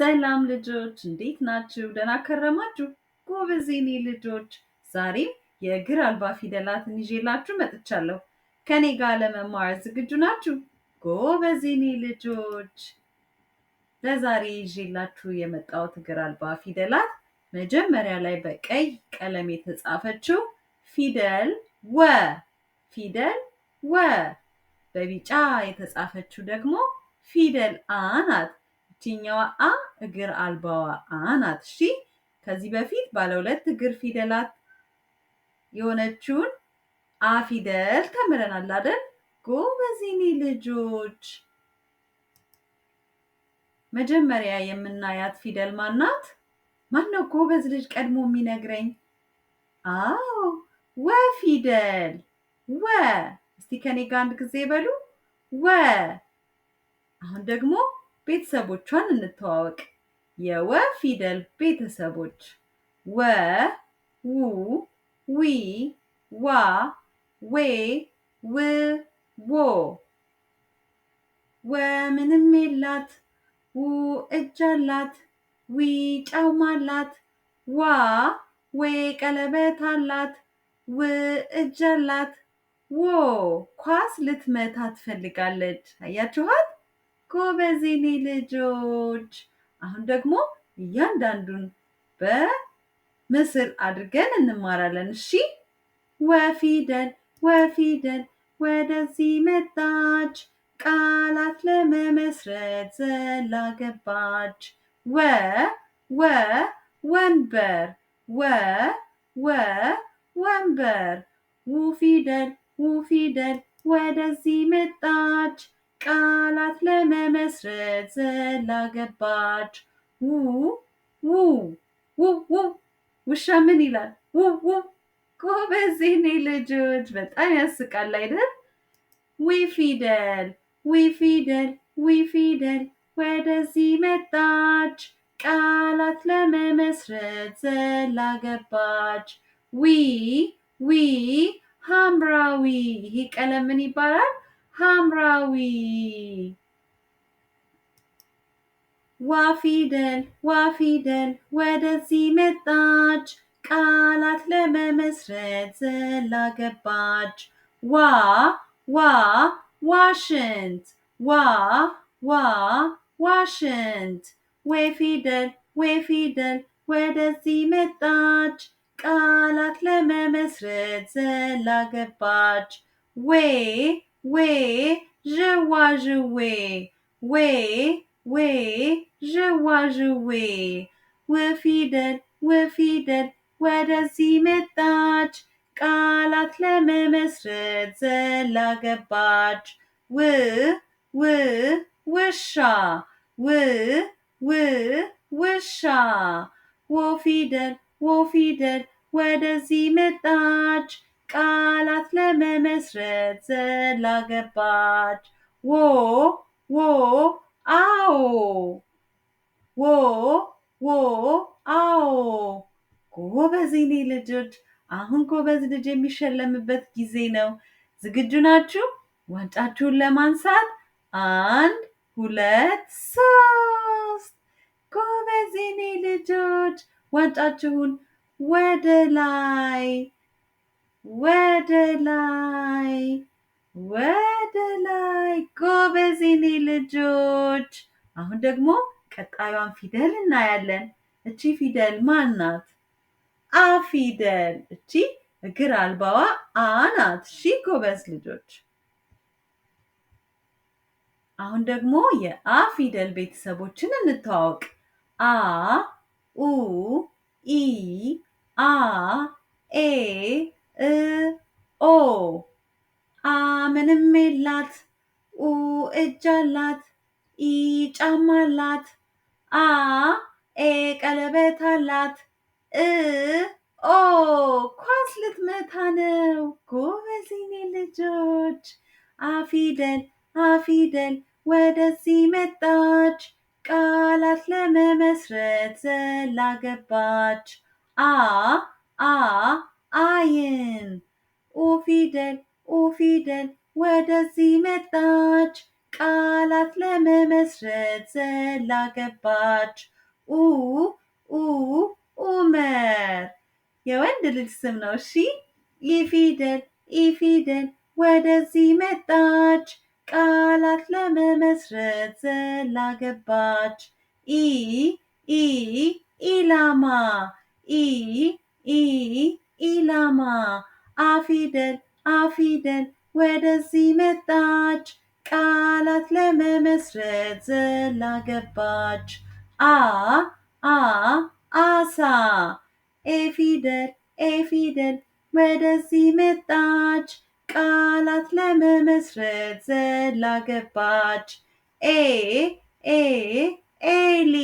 ሰላም ልጆች እንዴት ናችሁ? ደህና ከረማችሁ? ጎበዝ የኔ ልጆች፣ ዛሬም የእግር አልባ ፊደላትን ይዤላችሁ መጥቻለሁ። ከኔ ጋር ለመማር ዝግጁ ናችሁ? ጎበዝ የኔ ልጆች፣ ለዛሬ ይዤላችሁ የመጣሁት እግር አልባ ፊደላት መጀመሪያ ላይ በቀይ ቀለም የተጻፈችው ፊደል ወ ፊደል ወ፣ በቢጫ የተጻፈችው ደግሞ ፊደል አ ናት። ችኛዋ አ እግር አልባዋ አ ናት። እሺ ከዚህ በፊት ባለ ሁለት እግር ፊደላት የሆነችውን አ ፊደል ተምረናል አይደል? ጎበዝ ልጆች። መጀመሪያ የምናያት ፊደል ማናት? ማነው ጎበዝ ልጅ ቀድሞ የሚነግረኝ? አዎ ወ ፊደል ወ። እስቲ ከኔ ጋር አንድ ጊዜ በሉ ወ። አሁን ደግሞ ቤተሰቦቿን እንተዋወቅ። የወ ፊደል ቤተሰቦች ወ፣ ው፣ ዊ፣ ዋ፣ ዌ፣ ው፣ ዎ። ወ ምንም የላት፣ ው እጅ አላት፣ ዊ ጫማ አላት፣ ዋ ዌ ቀለበት አላት፣ ው እጅ አላት፣ ዎ ኳስ ልትመታ ትፈልጋለች። አያችኋት? ጎበዝ የኔ ልጆች። አሁን ደግሞ እያንዳንዱን በምስል አድርገን እንማራለን። እሺ ወፊደል ወፊደል ወደዚህ መጣች፣ ቃላት ለመመስረት ዘላ ገባች። ወ ወ ወንበር ወ ወ ወንበር ውፊደል ውፊደል ወደዚህ መጣች ቃላት ለመመስረት ዘላ ገባች። ው ው ውሻ ምን ይላል? ው ጎበዝ የኔ ልጆች፣ በጣም ያስቃል አይደል? ዊ ፊደል ዊ ፊደል ዊ ፊደል ወደዚህ መጣች። ቃላት ለመመስረት ዘላ ገባች። ዊ ዊ ሐምራዊ ይህ ቀለም ምን ይባላል? حمراوي وفيدل وفيدل ወደዚህ መጣች ቃላት ለመመስረት ዘላ ገባች ዋ ዋ ዋሽንት ዋ ዋ ዋሽንት ወፊደል ወፊደል ወደዚህ መጣች ቃላት ለመመስረት ዘላ ገባች ዌ way, joie, jouer. Way, way, joie, jouer. وفيدن وفيدን ወደዚህ መጣች ቃላት ለመመስረት ዘላ ገባች። ው ው ውሻ ው ው ውሻ ወፊደል ወፊደል ወደዚህ መጣች ቃላት ለመመስረት ዘላ ገባች። ዎ ዎ አዎ ዎ ዎ አዎ። ጎበዝ የኔ ልጆች፣ አሁን ጎበዝ ልጅ የሚሸለምበት ጊዜ ነው። ዝግጁ ናችሁ? ዋንጫችሁን ለማንሳት አንድ ሁለት ሶስት። ጎበዝ የኔ ልጆች ዋንጫችሁን ወደ ላይ ወደ ላይ ወደ ላይ። ጎበዝ የኔ ልጆች። አሁን ደግሞ ቀጣዩን ፊደል እናያለን። እቺ ፊደል ማን ናት? አ ፊደል። እቺ እግር አልባዋ አ ናት። ሺ ጎበዝ ልጆች። አሁን ደግሞ የአ ፊደል ቤተሰቦችን እንተዋወቅ። አ ኡ ኢ አ ኤ ኦ አ ምንም የላት ኡ እጅ አላት ኢ ጫማ አላት አ ኤ ቀለበት አላት እ ኦ ኳስ ልትመታ ነው። ጎበዝ የኔ ልጆች። አፊደል አፊደል ወደዚህ መጣች። ቃላት ለመመስረት ዘላ አ አ አይን ኡ ፊደል ኡ ፊደል ወደዚህ መጣች ቃላት ለመመስረት ዘላ ገባች። ኡ ኡ ኡመር የወንድ ልጅ ስም ነው። እሺ ኢፊደል ኢፊደል ወደዚህ መጣች ቃላት ለመመስረት ዘላ ገባች። ኢ ኢ ኢላማ ኢ ኢ ኢላማ አፊደል አፊደል ወደዚህ መጣች ቃላት ለመመስረት ዘላ ገባች። አ አ አሳ ኤፊደል ኤፊደል ወደዚህ መጣች ቃላት ለመመስረት ዘላ ገባች። ኤ ኤ ኤሊ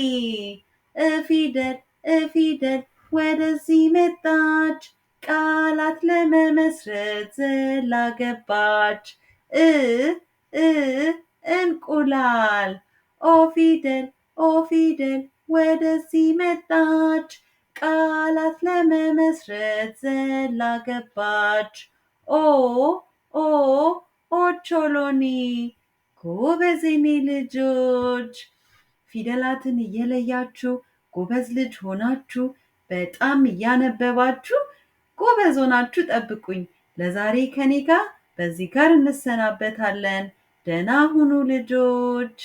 እፊደል እፊደል ወደዚህ መጣች ቃላት ለመመስረት ዘላገባች እ እ እንቁላል ኦፊደል ኦፊደል ወደዚህ መጣች ቃላት ለመመስረት ዘላገባች ኦ ኦ ኦቾሎኒ ጎበዝ የኔ ልጆች ፊደላትን እየለያችሁ ጎበዝ ልጅ ሆናችሁ በጣም እያነበባችሁ ጎበዝ ሆናችሁ ጠብቁኝ። ለዛሬ ከኔ ጋር በዚህ ጋር እንሰናበታለን። ደህና ሁኑ ልጆች።